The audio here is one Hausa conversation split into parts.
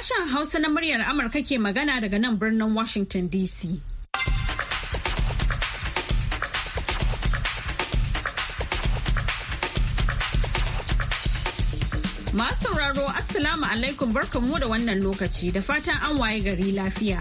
Sashen Hausa na muryar Amurka ke magana daga nan birnin Washington DC. Masu sauraro Assalamu alaikum barkanmu da wannan lokaci da fatan an waye gari lafiya.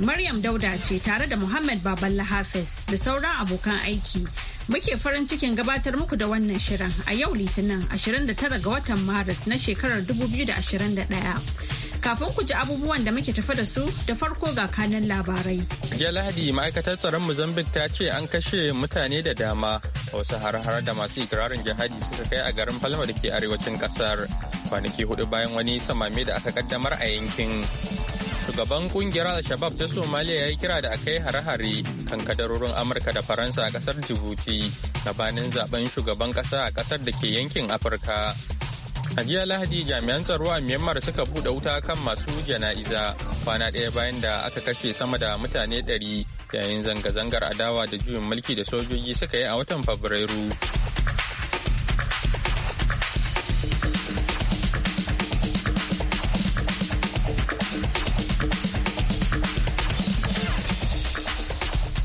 Maryam Dauda ce tare da Muhammad Baballa Hafiz da sauran abokan aiki. Muke farin cikin gabatar muku da wannan shirin a yau Litinin 29 ga watan Maris na shekarar 2021. Kafin ku ji abubuwan da muke tafa da su da farko ga kanan labarai. Jiya Lahadi ma'aikatar tsaron Mozambique ta ce an kashe mutane da dama a wasu har da masu ikirarin jihadi suka kai a garin Palma da ke arewacin kasar kwanaki hudu bayan wani samame da aka kaddamar a yankin. Shugaban kungiyar Al-Shabab ta Somalia ya yi kira da aka yi hare-hare kan kadarorin Amurka da Faransa a kasar Djibouti gabanin zaben shugaban kasa a kasar da ke yankin Afirka. A jiya Lahadi jami'an tsaro a Myanmar suka buɗe wuta kan masu jana'iza kwana ɗaya bayan da aka kashe sama da mutane ɗari yayin zanga-zangar adawa da juyin mulki da sojoji suka yi a watan Fabrairu.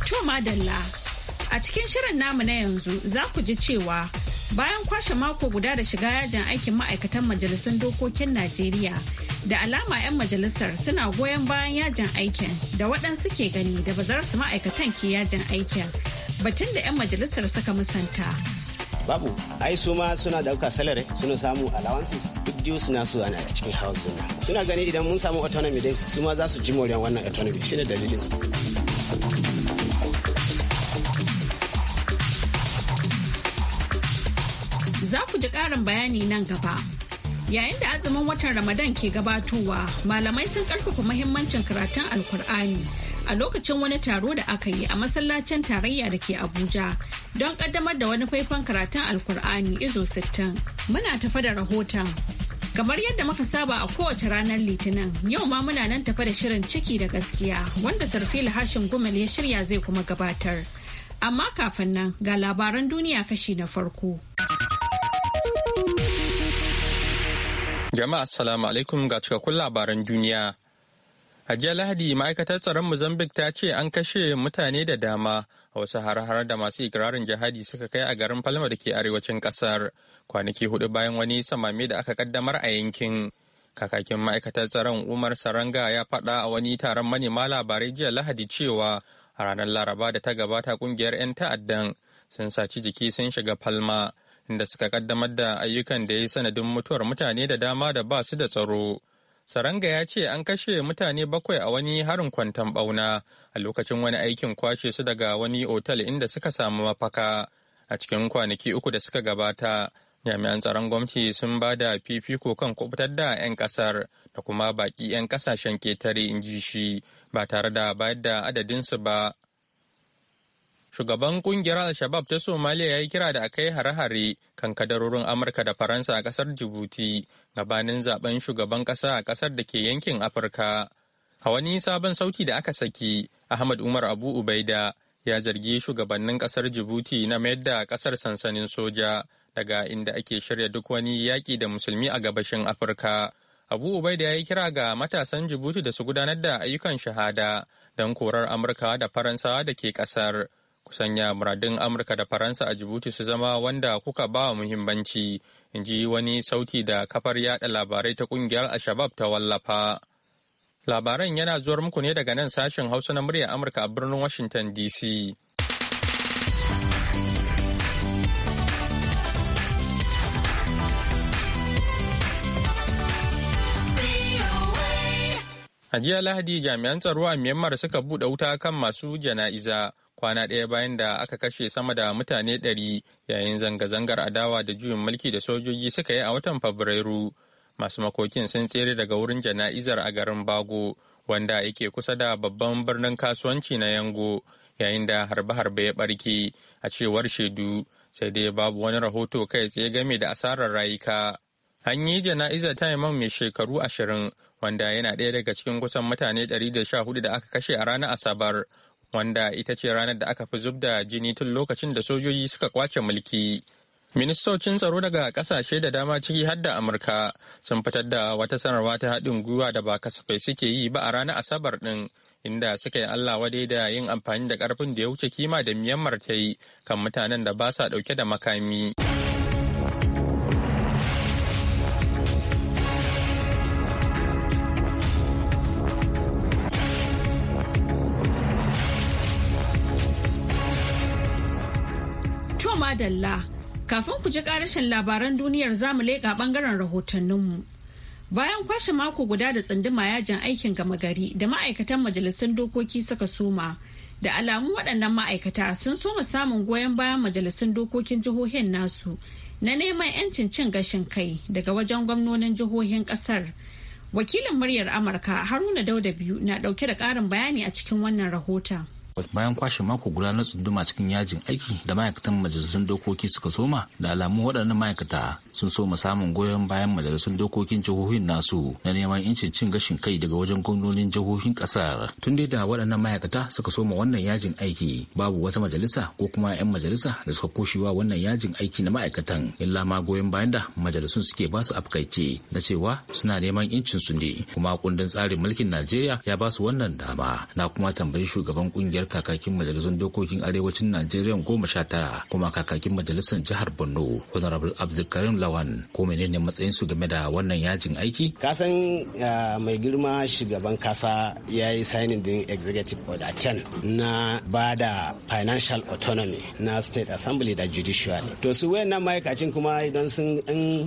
Tuma Madalla a cikin shirin namu na yanzu za ku ji cewa bayan kwashe mako guda da shiga yajin aikin ma'aikatan majalisun dokokin najeriya da alama 'yan majalisar suna goyon bayan yajin aikin da waɗansu ke gani da bazararsu ma'aikatan ke yajin aikin batun da 'yan majalisar suka musanta babu ai su ma suna dauka salary suna samu alawansu duk diyu suna su ana cikin house suna gani idan mun samu autonomy dai su ma za su ji moriyar wannan autonomy shine dalilin su Za ku ji ƙarin bayani nan gaba. Yayin da azumin watan Ramadan ke gabatowa, malamai sun karfafa muhimmancin karatun Alkur'ani a lokacin wani taro da aka yi a masallacin tarayya da ke Abuja don ƙaddamar da wani faifan karatun Alkur'ani izo 60. Muna tafa da rahoton. Kamar yadda muka saba a kowace ranar Litinin, yau ma muna nan tafa da shirin ciki da gaskiya wanda Sarfila Hashim Gumal ya shirya zai kuma gabatar. Amma kafin nan ga labaran duniya kashi na farko. Jama'a assalamu alaikum ga cikakkun labaran duniya. A jiya Lahadi ma'aikatar tsaron Mozambique ta ce an kashe mutane da dama a wasu har-har da masu ikirarin jihadi suka kai a garin Falma da ke arewacin kasar kwanaki hudu bayan wani samame da aka kaddamar a yankin. Kakakin ma'aikatar tsaron Umar Saranga ya faɗa a wani taron manema labarai jiya Lahadi cewa a ranar Laraba da ta gabata kungiyar 'yan ta'addan sun saci jiki sun shiga Falma. inda suka kaddamar da ayyukan da ya yi sanadin mutuwar mutane da dama da ba su da tsaro. Saranga ya ce an kashe mutane bakwai a wani harin kwantan bauna a lokacin wani aikin kwashe su daga wani otal inda suka samu mafaka. A cikin kwanaki uku da suka gabata, jami'an tsaron gwamnati sun ba da fifiko kan kubutar da 'yan kasar da kuma baƙi 'yan kasashen ketare in ji shi ba tare da bayar da adadinsu ba. Shugaban kungiyar Al-Shabab ta Somalia ya yi kira da a kai hare-hare kan kadarorin Amurka da Faransa a kasar Djibouti gabanin zaben shugaban kasa a kasar da ke yankin Afirka. A wani sabon sauti da aka saki, Ahmad Umar Abu Ubaida ya zargi shugabannin kasar Djibouti na mayar da kasar sansanin soja daga inda ake shirya duk wani yaƙi da musulmi a gabashin Afirka. Abu Ubaida ya yi kira ga matasan Djibouti da su gudanar da ayyukan shahada don korar Amurka da Faransawa da ke kasar. sanya muradun amurka da faransa a jibuti su zama wanda kuka ba muhimmanci in ji wani sauti da kafar yada labarai ta kungiyar alshabab ta wallafa labaran yana zuwar muku ne daga nan sashen hausa na muryar amurka a birnin washington dc A jiya Lahadi jami'an tsaro a Myanmar suka buɗe wuta kan masu jana'iza kwana ɗaya bayan da aka kashe sama da mutane ɗari yayin zanga-zangar adawa da juyin mulki da sojoji suka yi a watan Fabrairu. Masu makokin sun tsere daga wurin jana'izar a garin Bago, wanda yake kusa da babban birnin kasuwanci na Yango, yayin da harbe-harbe ya barke a cewar shaidu, sai dai babu wani rahoto kai tsaye game da asarar rayuka. An yi jana'izar ta mai shekaru ashirin wanda yana ɗaya daga cikin kusan mutane 114 da aka kashe a ranar Asabar wanda ita ce ranar da aka fi zub da jini tun lokacin da sojoji suka kwace mulki. Ministocin tsaro daga kasashe da dama ciki har da Amurka sun fitar da wata sanarwa ta haɗin gwiwa da ba kasafai suke yi ba a ranar Asabar ɗin, inda suka yi Allah wadai da yin amfani da ƙarfin da ya wuce kima da Myanmar ta yi kan mutanen da ba sa ɗauke da makami. Dalla. Kafin ku ji karashin labaran duniyar zamu leƙa ɓangaren rahotanninmu. Bayan kwashe mako guda da tsunduma yajin aikin gama gari da ma'aikatan majalisun dokoki suka soma, da alamu waɗannan ma'aikata sun soma samun goyon bayan majalisun dokokin jihohin nasu na neman 'yancin cin gashin kai daga wajen gwamnonin jihohin ƙasar. Wakilin muryar Amurka Haruna Dauda biyu na ɗauke da ƙarin bayani a cikin wannan rahoton. bayan kwashe mako guda na tsunduma cikin yajin aiki da ma'aikatan majalisun dokoki suka soma da alamu waɗannan ma'aikata sun soma samun goyon bayan majalisun dokokin jihohin nasu na neman incin cin gashin kai daga wajen gwamnonin jihohin ƙasar tun dai da waɗannan ma'aikata suka soma wannan yajin aiki babu wata majalisa ko kuma 'yan majalisa da suka koshewa wannan yajin aiki na ma'aikatan illa ma goyon bayan da majalisun suke ba su afkaice na cewa suna neman incin su ne kuma kundin tsarin mulkin Najeriya ya ba su wannan dama na kuma tambayi shugaban kungiyar biyar kakakin majalisun dokokin arewacin najeriya goma sha tara kuma kakakin majalisar jihar borno honorable abdulkarim lawan ko menene matsayin su game da wannan yajin aiki kasan mai girma shugaban kasa ya yi signing din executive order 10 na ba da financial autonomy na state assembly da judiciary to su nan ma'aikacin kuma idan sun in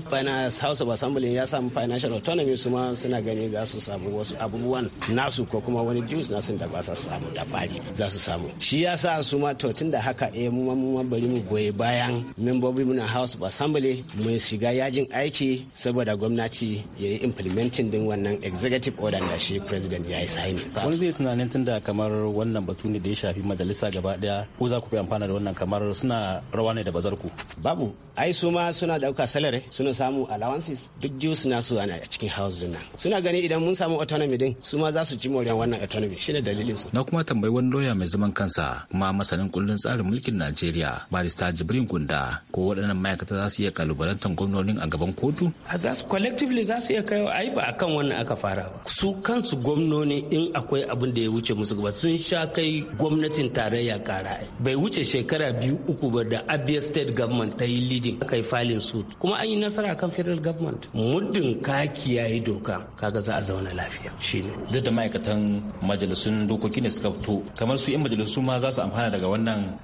house of assembly ya samu financial autonomy su ma suna gani za su samu wasu abubuwan nasu ko kuma wani dues nasu da ba sa samu da fari za su samu shi yasa su ma to da haka eh mu ma bari mu goye bayan membobi muna house of assembly mu shiga yajin aiki saboda gwamnati ya yi implementing din wannan executive order da shi president ya yi sani wani zai tunanin tun da kamar wannan batu ne da ya shafi majalisa gaba daya ko za ku fi amfana da wannan kamar suna rawa ne da bazar ku babu ai su ma suna dauka salary suna samu allowances duk jiyo suna su a cikin house din nan suna gani idan mun samu autonomy din su ma za su ji moriyar wannan autonomy shine dalilin su na kuma tambayi wani doya. mai zaman kansa kuma masanin kullun tsarin mulkin Najeriya barista Jibrin Gunda ko waɗannan ma'aikata za su iya kalubalantar gwamnonin a gaban kotu? Za su collectively za su iya kai ai ba akan wannan aka fara ba. Su kansu gwamnoni in akwai abin da ya wuce musu ba sun sha kai gwamnatin tarayya kara bai wuce shekara biyu uku ba da Abia state government ta yi leading aka yi filing suit kuma an yi nasara kan federal government muddin ka kiyaye doka kaga za a zauna lafiya shine duk da ma'aikatan majalisun dokoki ne suka fito kamar wasu 'yan majalisu ma za su amfana daga wannan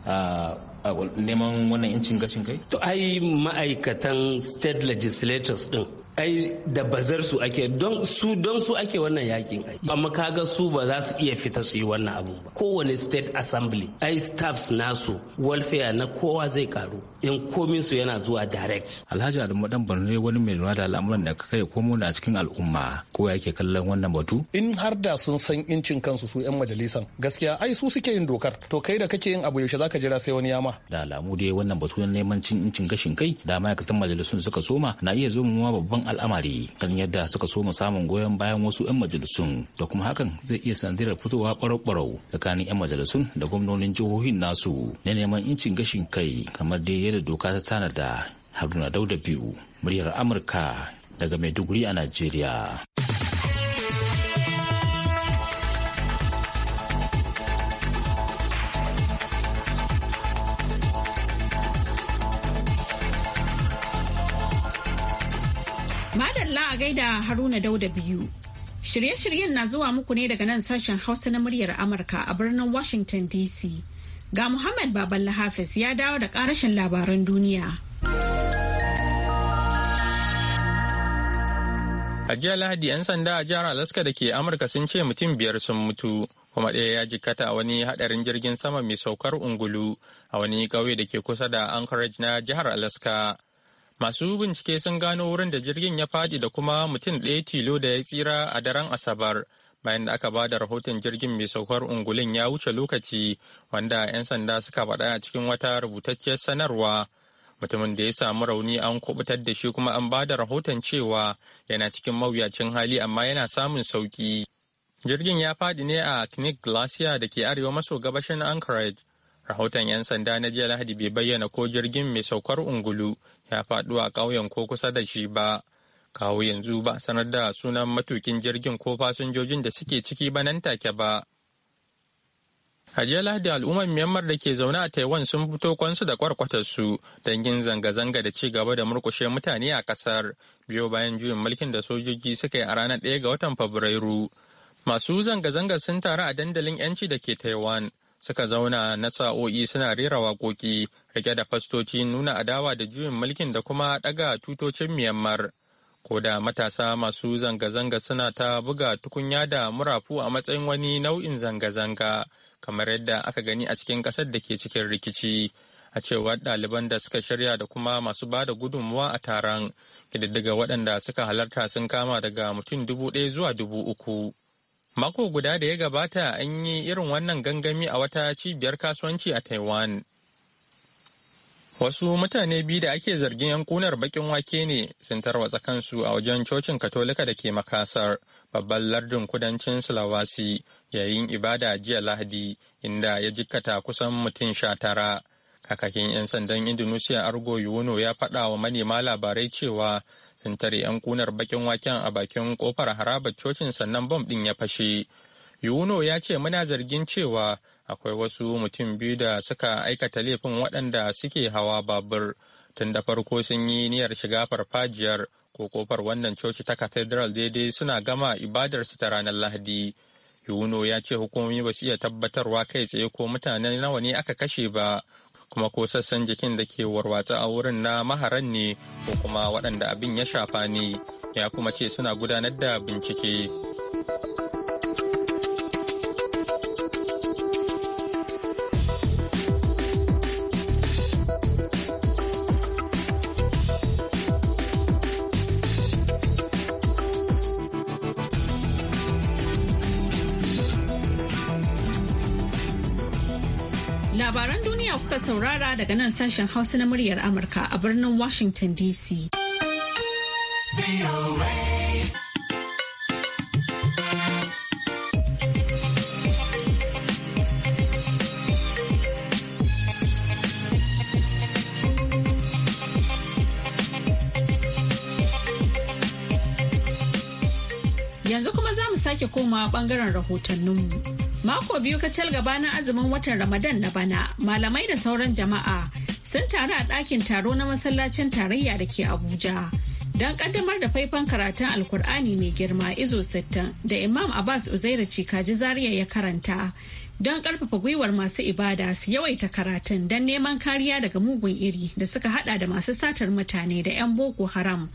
neman wannan incin gashin kai? To ai ma'aikatan state legislators din ai da bazar su ake don su don su ake wannan yakin ai amma kaga su ba za su iya fita su yi wannan abu ba kowane state assembly ai staffs nasu welfare na kowa zai karu in komin su yana zuwa direct alhaji adamu dan borno wani mai lura da al'amuran da kai komo da cikin al'umma ko yake kallon wannan batu in har da sun san incin kansu su yan majalisan gaskiya ai su suke yin dokar to kai da kake yin abu yaushe zaka jira sai wani yama da alamu dai wannan batu na neman cin incin gashin kai da ma'aikatan majalisun suka soma na iya zo mu babban al'amari kan yadda suka so mu samun goyon bayan wasu 'yan majalisun da kuma hakan zai iya sanadiyar fitowa ɓarau ɓarau tsakanin 'yan majalisun da gwamnonin jihohin nasu na neman incin gashin kai kamar dai yadda doka ta tanada haruna dauda biyu muryar amurka daga maiduguri a najeriya. da Haruna Dauda biyu. Shirye-shiryen na zuwa muku ne daga nan sashen Hausa na muryar Amurka a birnin Washington DC. Ga Muhammad Baballa Hafiz ya dawo da karashin labaran duniya. A jiya Lahadi 'yan sanda a jihar Alaska da ke Amurka sun ce mutum biyar sun mutu, kuma ɗaya ya jikkata a wani haɗarin jirgin sama mai saukar ungulu a wani ƙauye da ke kusa da Anchorage na jihar Alaska. Masu bincike sun gano wurin da jirgin ya faɗi da kuma mutum ɗaya tilo da ya tsira a daren Asabar. Bayan da aka ba da rahoton jirgin mai saukar ungulin ya wuce lokaci wanda 'yan sanda suka faɗa a cikin wata rubutacciyar sanarwa. Mutumin da ya samu rauni an kubutar da shi kuma an ba da rahoton cewa yana cikin mawuyacin hali amma yana samun sauki. Jirgin ya faɗi ne a Knik Glacier da ke arewa maso gabashin Anchorage. Rahoton 'yan sanda na jiya Lahadi bai bayyana ko jirgin mai saukar ungulu ya faɗo a ƙauyen ko kusa da shi ba. Kawo yanzu ba sanar da sunan matukin jirgin ko fasinjojin da suke ciki ba nan take ba. Hajiyar Lahadi al'ummar Myanmar da ke zaune a Taiwan sun fito kwansu da kwarkwatarsu don yin zanga-zanga da ci gaba da murkushe mutane a ƙasar biyo bayan juyin mulkin da sojoji suka yi a ranar 1 ga watan Fabrairu. Masu zanga-zanga sun taru a dandalin 'yanci da ke Taiwan suka zauna na sa'o'i suna rera waƙoƙi rike da fastoci nuna adawa da juyin mulkin da kuma ɗaga tutocin Myanmar. Ko da matasa masu zanga-zanga suna ta buga tukunya da murafu a matsayin wani nau'in zanga-zanga, kamar yadda aka gani a cikin ƙasar da ke cikin rikici. A cewar ɗaliban da suka shirya da kuma masu ba da gudunmuwa a taron, ƙididdiga waɗanda suka halarta sun kama daga mutum dubu ɗaya zuwa dubu uku. Mako guda da ya gabata an yi irin wannan gangami a wata cibiyar kasuwanci a Taiwan. Wasu mutane biyu da ake zargin 'yan kunar bakin wake ne sun tarwatsa kansu a wajen cocin Katolika da ke Makasar, babban lardin kudancin Sulawesi, yayin ibada jiya Lahadi, inda ya jikkata kusan mutum sha tara. Kakakin 'yan sandan Indonesia Argo Yuno ya faɗa wa manema labarai cewa sun tare 'yan kunar bakin waken a bakin kofar harabar cocin sannan bom ɗin ya fashe. Yuno ya ce muna zargin cewa akwai wasu mutum biyu da suka aikata laifin waɗanda suke hawa babur tun da farko sun yi niyyar shiga farfajiyar ko kofar wannan coci ta cathedral daidai suna gama ibadarsu ta ranar lahadi yuno ya ce hukumomi ba su iya tabbatarwa kai tsaye ko mutane nawa ne aka kashe ba kuma ko sassan jikin da ke warwatsa a wurin na maharan ne ko kuma waɗanda abin ya shafa ne ya kuma ce suna gudanar da bincike. Labaran duniya kuka saurara daga nan sashen Hausa na muryar Amurka a birnin Washington DC. Yanzu kuma za mu sake koma bangaren rahotanninmu. Mako biyu kacal gabanin azumin watan Ramadan na bana, malamai da sauran jama'a sun taru a ɗakin taro na masallacin tarayya da ke Abuja. Don kaddamar da faifan karatun Alkur'ani mai girma izo sittin da Imam Abbas Uzaira Cikaji Zaria ya karanta. Don karfafa gwiwar masu ibada su yawaita karatun don neman kariya daga mugun iri da suka hada da masu satar mutane da 'yan boko haram.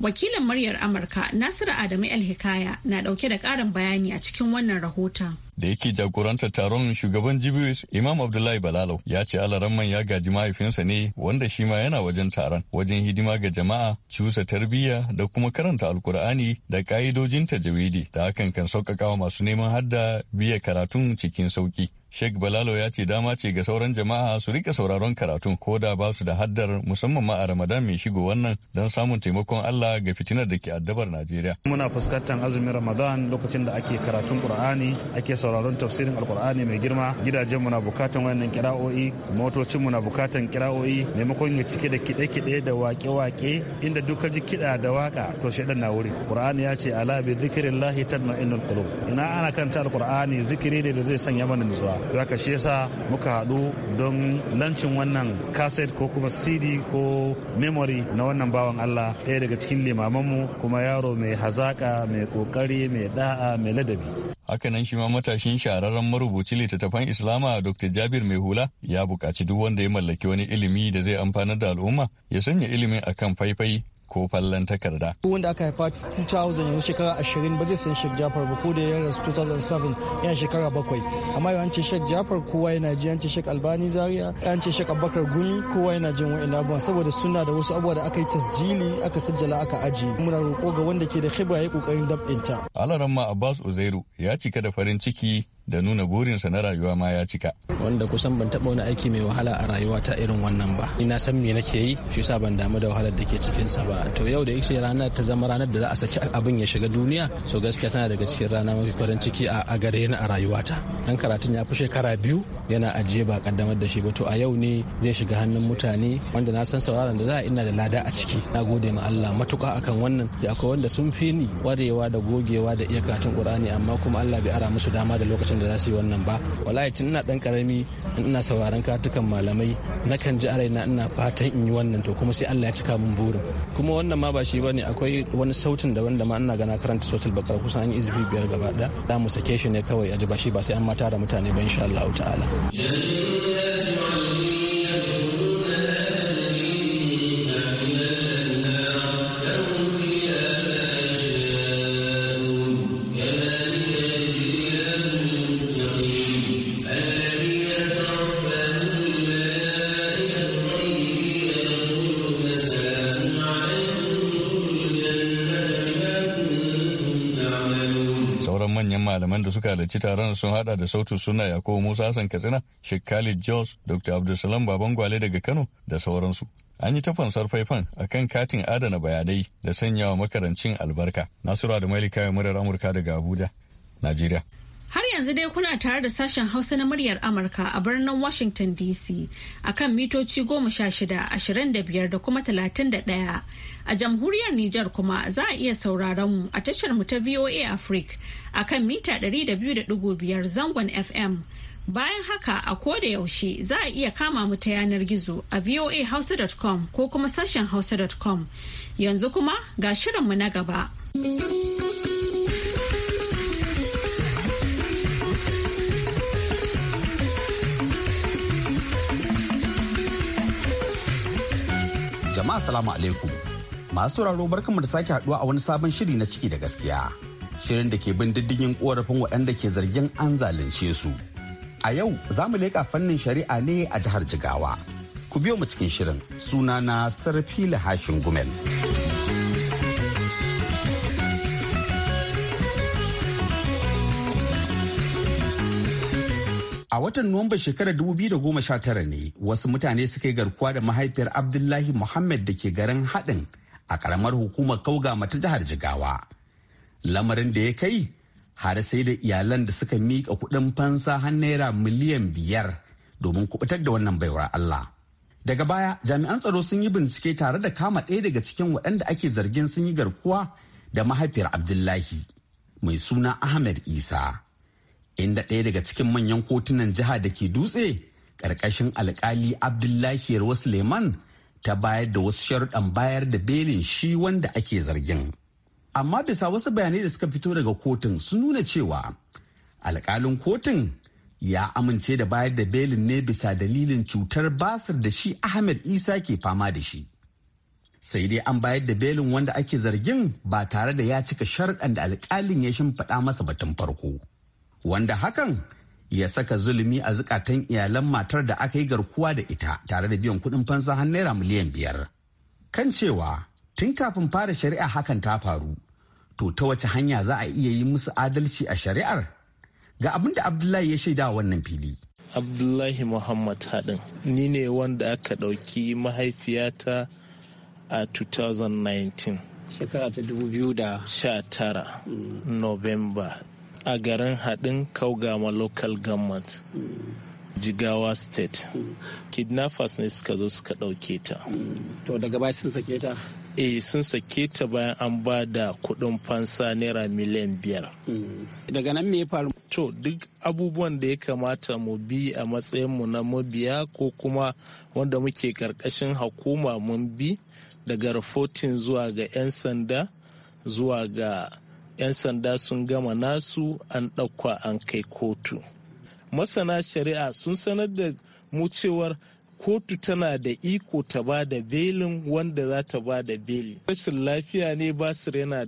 Wakilin muryar Amurka Nasiru Adamu El Hikaya na dauke da karin bayani a cikin wannan rahoton. da yake jagorantar taron shugaban GBS Imam Abdullahi Balalau ya ce alaramman ya gaji mahaifinsa ne wanda shi ma yana wajen taron wajen hidima ga jama'a cusa tarbiyya da kuma karanta alkur'ani da ka'idojin tajawidi da hakan kan sauƙaƙa masu neman hadda biya karatun cikin sauƙi. Sheikh Balalo ya ce dama ce ga sauran jama'a su rika sauraron karatun ko da ba su da haddar musamman ma a Ramadan mai shigo wannan don samun taimakon Allah ga fitinar da ke addabar Najeriya. Muna fuskantar azumin Ramadan lokacin da ake karatun Qur'ani, ake sauraron tafsirin Alqur'ani mai girma, gidajen mu bukatan wannan kira'o'i, motocin mu na bukatan kira'o'i, maimakon ya cike da kide-kide da waƙe-waƙe inda duka ji kida da waka to shedan na wuri. Qur'ani ya ce ala bi zikrillahi tatma'innul qulub. Ina ana kanta Alqur'ani zikiri ne da zai sanya mana nutsuwa. raka shi yasa muka haɗu don lancin wannan kaset ko kuma cd ko memory na wannan bawan allah ɗaya daga cikin limamanmu kuma yaro mai hazaƙa mai ƙoƙari mai da'a mai ladabi Hakanan shi ma matashin shahararren marubuci littattafan Islama Dr. Jabir Mai Hula ya buƙaci duk wanda ya mallaki wani ilimi da zai amfanar da al'umma ya sanya ilimin akan faifai ko fallon takarda. Wanda aka haifa 2000 yanzu shekara 20 ba zai san Sheikh Jafar ba ko da ya rasu 2007 yana shekara bakwai amma yawan ce Sheikh Jafar kowa yana ji ce Sheikh Albani Zaria an ce Sheikh Abubakar Gumi kowa yana jin wa'in abubuwan saboda suna da wasu abubuwa da aka yi tasjili aka sajjala aka aji. muna roƙo ga wanda ke da khibra ya kokarin dabɗinta. Alaramma Abbas Uzairu ya cika da farin ciki da nuna burinsa na rayuwa ma ya cika. Wanda kusan ban taɓa wani aiki mai wahala a rayuwa ta irin wannan ba. Ni na san me nake yi, shi yasa ban damu da wahalar da ke cikinsa ba. To yau da yake ranar ta zama ranar da za a saki abin ya shiga duniya, so gaskiya tana daga cikin rana mafi farin ciki a gare ni a rayuwata. Dan karatun ya fi shekara biyu yana ajiye ba kaddamar da shi ba. To a yau ne zai shiga hannun mutane wanda na san sauraron da za a ina da lada a ciki. Na gode ma Allah matuƙa akan wannan. ya akwai wanda sun fi ni warewa da gogewa da iya karatun Qur'ani amma kuma Allah bai ara musu dama da lokacin lokacin da za su yi wannan ba wallahi tun ina dan karami ina sauraron katukan malamai nakan ji a na ina fatan in yi wannan to kuma sai Allah ya cika min burin kuma wannan ma ba shi bane akwai wani sautin da wanda ma ina gana karanta sautul bakar kusan an yi izbi biyar gaba da mu sake shi ne kawai a ji ba shi ba sai an mata da mutane ba insha Allah ta'ala Sauran manyan malaman da suka halarci taron sun hada da sautu suna Yakubu Musa Hassan Katsina, Sheikh Khalid Jos, Dr. Abdulsalam Babangwale daga Kano da sauransu. An yi ta fansar faifan a kan katin adana bayanai da sanyawa makarancin albarka. Nasiru da kayan murar Amurka daga Abuja, Najeriya. Har yanzu dai kuna tare da sashen Hausa na muryar Amurka a birnin Washington DC a kan mitoci goma shida, ashirin da biyar da kuma talatin da ɗaya. A jamhuriyar Nijar kuma za a iya sauraron mu a tashar mu ta VOA Africa a kan mita ɗari da biyu da biyar zangon FM. Bayan haka a koda yaushe za a iya kama mu ta yanar gizo a voahausa.com ko kuma sashen hausa.com. Yanzu kuma ga shirinmu na gaba. Jama'a salamu alaikum. Masu sauraro barkanmu da sake haduwa a wani sabon shiri na ciki da gaskiya. Shirin da ke bin diddigin korafin waɗanda ke zargin an zalunce su. A yau za mu leƙa fannin shari'a ne a jihar Jigawa. Ku biyo mu cikin shirin sunana Sarfila Hashin Gumel. A watan Nuwamba shekarar 2019 ne wasu mutane suka yi garkuwa da mahaifiyar Abdullahi Muhammad da ke garin haɗin a ƙaramar hukumar kauga ta jihar Jigawa. Lamarin da ya kai har sai da iyalan da suka miƙa kuɗin fansa har naira miliyan biyar domin kubutar da wannan baiwar Allah. Daga baya jami'an tsaro sun yi bincike tare da kama ɗaya daga cikin waɗanda ake zargin sun yi garkuwa da mahaifiyar Abdullahi mai suna Ahmed Isa. inda ɗaya daga cikin manyan kotunan jiha da ke dutse ƙarƙashin alkali abdullahi yarwa suleiman ta bayar da wasu sharuɗan bayar da belin shi wanda ake zargin amma bisa wasu bayanai da suka fito daga kotun sun nuna cewa alkalin kotun ya amince da bayar da belin ne bisa dalilin cutar basir da shi ahmed isa ke fama da shi sai dai an bayar da belin wanda ake zargin ba tare da ya cika sharuɗan da alkalin ya shimfaɗa masa batun farko. wanda hakan ya saka zulumi a zukatan iyalan matar da aka yi garkuwa da ita tare da biyan kuɗin fansa har naira miliyan biyar kan cewa tun kafin fara shari'a hakan ta faru to ta wace hanya za a iya yi musu adalci a shari'ar ga abin da abdullahi ya shaida wannan fili abdullahi muhammad haɗin ni ne wanda aka ɗauki mahaifiyata a 2019 shekara ta 2019 mm. november a garin haɗin kaugama local government jigawa state kidnappers ne suka zo suka ɗauke ta to daga baya sun sake ta eh sun sake ta bayan an ba da kuɗin fansa naira miliyan biyar hmm. daga nan me ya faru to duk abubuwan da ya kamata mu bi a matsayinmu na mabiya ko kuma wanda muke ƙarƙashin hukuma mun bi daga rufotin zuwa ga 'yan sanda zuwa ga 'yan sanda sun gama nasu an ɗaukwa an kai kotu masana shari'a sun sanar da mu cewar kotu tana da iko ta ba da belin wanda za ta ba da beli rashin lafiya ne basir yana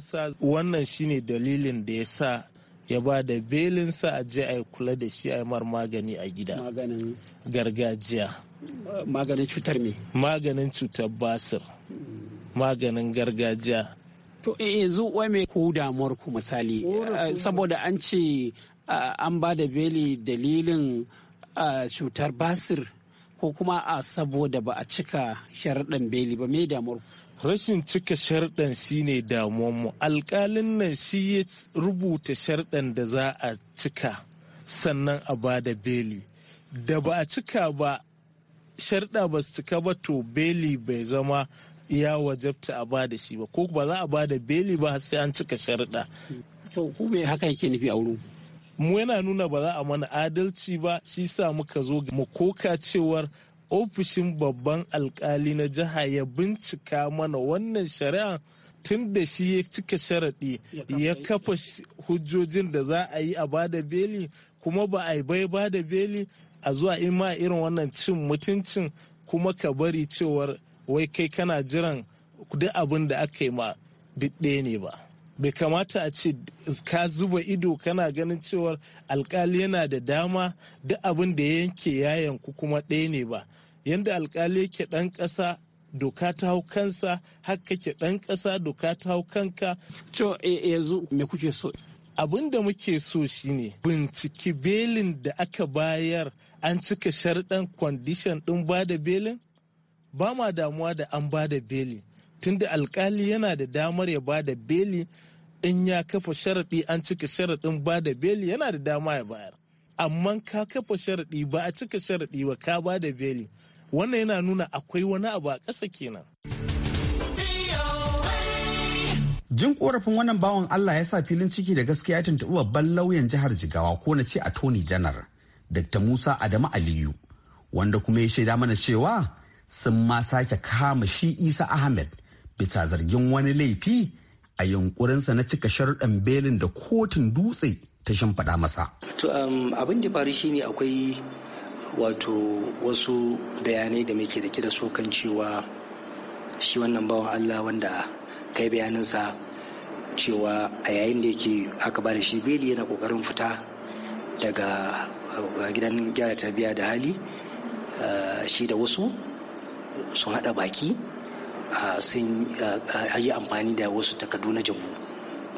sa. wannan shine dalilin da ya sa ya ba da belinsa a je a kula da shi a yi mar magani a gida maganin gargajiya maganin cutar me maganin cutar basir maganin gargajiya To eh wai mai ku damuwar ku misali eh, saboda an ce an ba da beli dalilin cutar basir ko kuma a saboda ba a cika sharaɗin beli ba mai damuwar rashin cika sharɗan shine mu alƙalin nan shi ya rubuta sharɗan da za a cika sannan a ba da beli da ba a cika ba sharɗa ba su cika ba to beli bai zama ya wajabta a ba da shi ba ko ba za a ba beli ba sai an cika sharuɗa. to ku me haka yake nufi a wurin mu yana nuna ba za a mana adalci ba shi sa muka zo mu koka cewar ofishin babban alkali na jiha ya bincika mana wannan shari'a tun da shi ya cika sharaɗi ya kafa hujjojin da za a yi a bada beli kuma ba a yi bai bada beli a zuwa ima irin wannan cin mutuncin kuma ka bari cewar wai kai kana jiran duk abin da aka yi ma ɗaya ne ba bai kamata a ce ka zuba ido kana ganin cewar alkali yana da dama duk abin da yanke ya yanku kuma ɗaya ne ba yadda alkali yake ɗan ƙasa doka ta hau kansa haka ke ɗan ƙasa doka ta hau kanka. Co eh, yanzu me kuke so? Abin da muke so shine binciki belin da aka bayar an cika sharɗan kwandishan ɗin ba da belin? ba ma damuwa da an ba da beli tunda alkali yana da damar ya ba da beli in ya kafa sharaɗi an cika sharaɗin ba da beli yana da dama ya bayar amma ka kafa sharaɗi ba a cika sharaɗi ba ka ba da beli wannan yana nuna akwai wani abu a ƙasa kenan jin korafin wannan bawan allah ya sa filin ciki da gaskiya ya tuntuɓi babban lauyan jihar jigawa ko na ce a tony janar dr musa adamu aliyu wanda kuma ya shaida mana cewa sun ma sake kama shi isa ahmed bisa zargin wani laifi a yunkurinsa na cika sharuɗan belin da kotun dutse ta shimfada masa to um, abin da faru shine akwai wato wasu bayanai da muke da kira so kan cewa shi wannan bawan allah wanda kai bayaninsa cewa a yayin da yake aka bada shi beli yana kokarin fita daga uh, gidan gyara tarbiya da hali uh, shi da wasu sun haɗa baki sun yi amfani da wasu takardu na jabu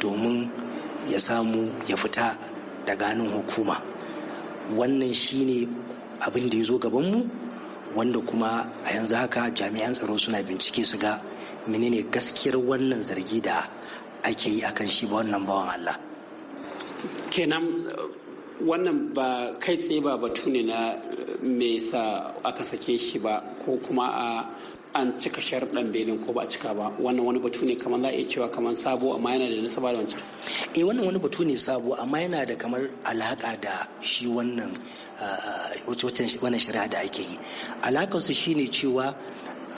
domin ya samu ya fita daga hannun hukuma wannan shine abin da ya zo gabanmu wanda kuma a yanzu haka jami'an tsaro suna bincike su ga menene gaskiyar wannan zargi da ake yi akan shi ba wannan bawan Allah kenan wannan ba kai tsaye ba batu ne na me yasa aka sake shi ba ko kuma a an cika sharɗan belin ko ba a cika ba wannan wani batu ne kamar za a iya cewa kamar sabo amma yana da nasaba da wancan eh wannan wani batu ne sabo amma yana da kamar alaka da shi wannan ah, wannan shari'a da ake yi alaka su shine cewa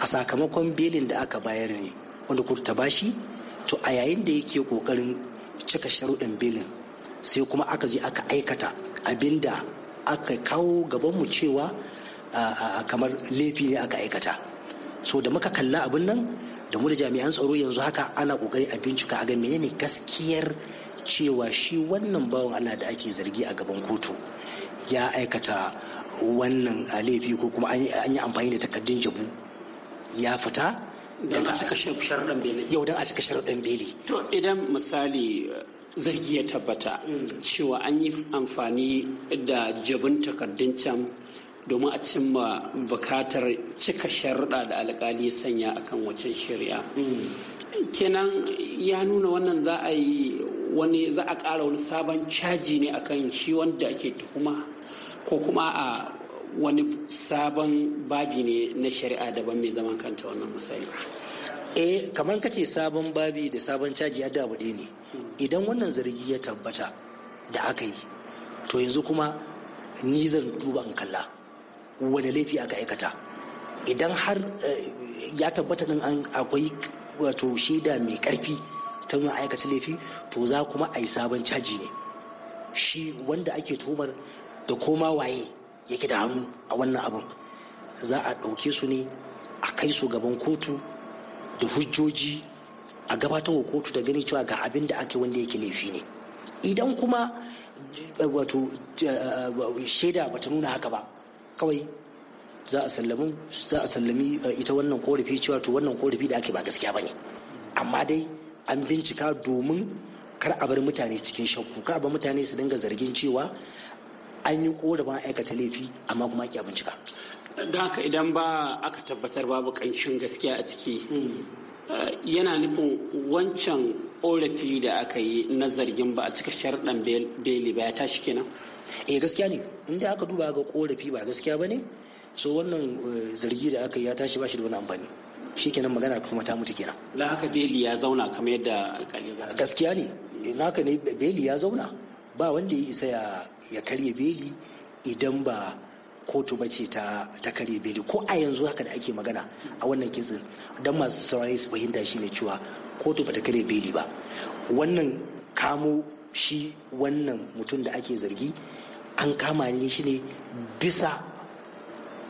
a sakamakon belin da aka bayar ne wanda kurta bashi to a yayin da yake kokarin cika sharuɗan belin sai kuma aka je aka aikata abinda aka kawo gabanmu cewa kamar laifi ne aka aikata so da muka kalla abin nan da mu da jami'an tsaro yanzu haka ana kokari a bincika a ga menene gaskiyar cewa shi wannan bawan Allah da ake zargi a gaban kotu ya aikata wannan laifi ko kuma an yi amfani da takardun jabu ya fita yau don a cika sharuɗan beli to idan misali zai iya tabbata cewa an yi amfani da jabin takardun can domin a cimma bukatar cika sharuɗa da alƙali sanya akan wacce shari'a kenan ya nuna wannan za a yi wani za a ƙara wani sabon caji ne akan shi wanda ake tuhuma ko kuma a wani sabon babi ne na shari'a daban mai zaman kanta wannan misali eh kamar kace sabon babi da sabon caji ya da ne idan wannan zargi ya tabbata da aka yi to yanzu kuma ni zan duba in kalla wani laifi aka aikata idan har eh, ya tabbata an akwai wato shaida mai karfi ta nuna aikata laifi to za kuma a yi sabon caji ne shi wanda ake tuhumar da koma waye yake da hannu a wannan abin za a ɗauke su ne a kai su gaban kotu da hujjoji a gabatar wa kotu da gani cewa ga abin da aka wanda yake laifi ne idan kuma eh, wato eh, shaida bata nuna haka ba kawai za a sallami za a sallami eh, ita wannan korafi cewa to wannan korafi da ake ba gaskiya bane amma dai an bincika domin kar a bar mutane cikin shakku kar a bar mutane su dinga zargin cewa an yi korafin aikata laifi amma kuma ake bincika don haka idan ba aka tabbatar babu kanshin gaskiya a ciki mm. yana nufin wancan korafi da aka yi na zargin ba a cika sharɗan beli ba ya tashi kenan eh gaskiya ne inda aka duba ga korafi ba gaskiya ba ne so wannan eh, zargi da aka yi ya tashi ba shi da wani amfani shi kenan magana kuma ta mutu kenan la haka beli ya zauna kamar yadda gaskiya ne haka ne beli ya zauna ba wanda ya isa ya karya beli idan ba kotu bace ta ta kare beli ko a yanzu haka da ake magana a wannan kisin don masu saurari su fahimta shi ne cewa kotu ba ta kare beli ba wannan kamo shi wannan mutum da ake zargi an kama ne shi ne bisa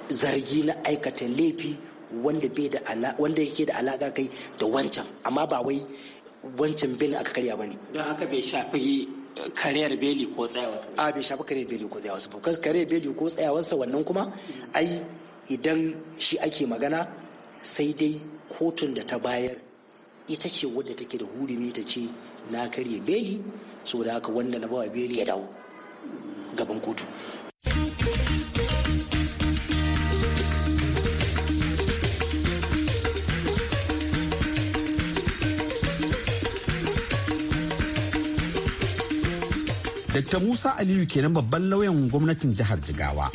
zargi na aikata laifi wanda yake da alaka kai da wancan amma ba wai wancan belin aka karya ba ne don bai shafi kariyar beli ko tsayawarsa a bai shafi beli ko tsayawarsa ba beli ko tsayawarsa wannan kuma ai idan shi ake magana sai dai kotun da ta bayar ita ce wadda take da hurumi ta ce na karye beli saboda haka wanda na bawa beli ya dawo gaban kotu. Dr. Musa Aliyu kenan babban lauyan gwamnatin jihar Jigawa.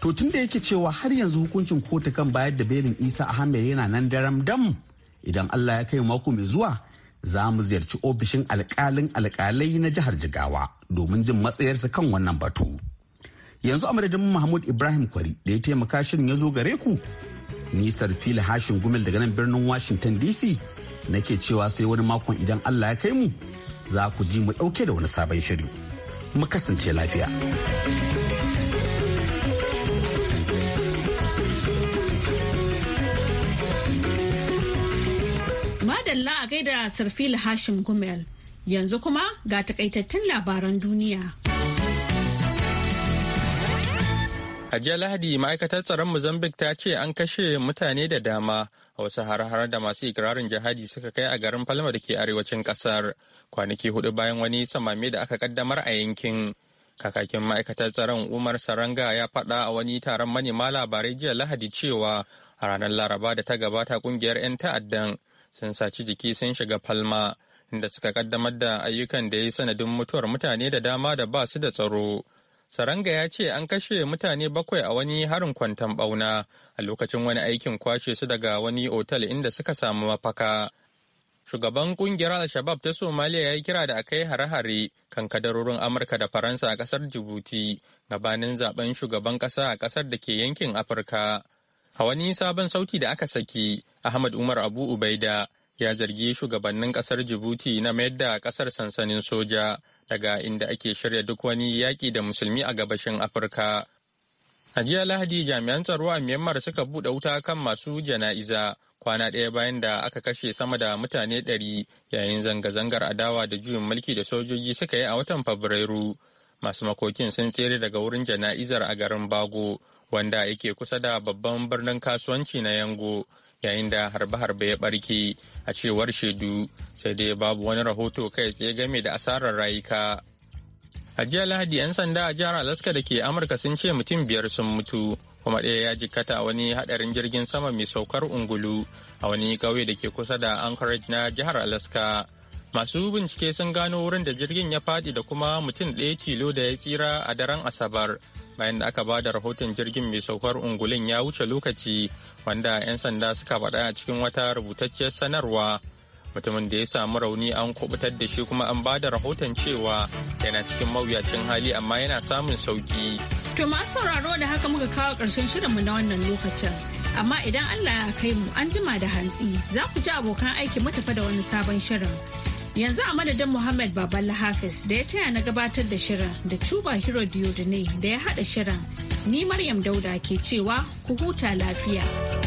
To tun da yake cewa har yanzu hukuncin kotu kan bayar da belin Isa Ahmed yana nan daram dam idan Allah ya kai mako mai zuwa za mu ziyarci ofishin alkalin alkalai na jihar Jigawa domin jin matsayarsa kan wannan batu. Yanzu a madadin Mahmud Ibrahim Kwari da ya taimaka shirin ya zo gare ku. Nisar fili hashin gumel daga nan birnin Washington DC nake cewa sai wani makon idan Allah ya kai mu za ku ji mu ɗauke da wani sabon shiri. mu kasance lafiya. Madalla a gaida Sarfil Hashim Gumel. Yanzu kuma ga takaitattun labaran duniya. A jiya Lahadi ma'aikatar tsaron Mozambique ta ce an kashe mutane da dama a wasu har-har da masu ikirarin jihadi suka kai a garin Falma da ke arewacin kasar kwanaki hudu bayan wani samame da aka kaddamar a yankin. Kakakin ma'aikatar tsaron Umar Saranga ya faɗa a wani taron manema labarai jiya Lahadi cewa a ranar Laraba da ta gabata kungiyar 'yan ta'addan sun saci jiki sun shiga Falma inda suka kaddamar da ayyukan da ya yi sanadin mutuwar mutane da dama da ba su da tsaro. Saranga ya ce an kashe mutane bakwai a wani harin kwantan bauna a lokacin wani aikin kwashe su daga wani otal inda suka samu mafaka. Shugaban kungiyar Al-Shabab ta Somalia ya yi kira da akai hare-hare kan kadarorin Amurka da Faransa a kasar Jibuti gabanin zaben shugaban kasa a kasar da ke yankin Afirka. A wani sabon sauti da aka saki, Ahmad Umar Abu Ubaida ya zargi shugabannin kasar Jibuti na mayar da kasar sansanin soja daga inda ake shirya duk wani yaƙi da musulmi a gabashin Afirka. A jiya Lahadi jami'an tsaro a Myanmar suka buɗe wuta kan masu jana'iza kwana ɗaya bayan da aka kashe sama da mutane ɗari yayin zanga-zangar adawa da juyin mulki da sojoji suka yi a watan Fabrairu. Masu makokin sun tsere daga wurin jana'izar a garin Bago wanda yake kusa da babban birnin kasuwanci na Yango yayin da harbe-harbe ya barke a cewar shaidu sai dai babu wani rahoto kai tsaye game da asarar rayuka. A jiya Lahadi 'yan sanda a jihar Alaska da ke Amurka sun ce mutum biyar sun mutu kuma ɗaya ya jikata a wani haɗarin jirgin sama mai saukar ungulu a wani ƙauye da ke kusa da Anchorage na jihar Alaska. Masu bincike sun gano wurin da jirgin ya fadi da kuma mutum ɗaya tilo da ya tsira a daren Asabar bayan da aka ba da rahoton jirgin mai saukar ungulin ya wuce lokaci wanda 'yan sanda suka faɗa a cikin wata rubutacciyar sanarwa. Mutumin da ya samu rauni an kubutar da shi kuma an ba da rahoton cewa yana cikin mawuyacin hali amma yana samun sauki. To masu sauraro da haka muka kawo ƙarshen shirinmu na wannan lokacin. amma idan Allah ya kai mu an jima da hantsi za ku ji abokan aiki matafa da wani sabon shirin. Yanzu a madadin Muhammad Baballa Hafiz da ya taya na gabatar da shirin da Cuba Hero Diodune da ya haɗa shirin. Ni Maryam Dauda ke cewa ku huta lafiya.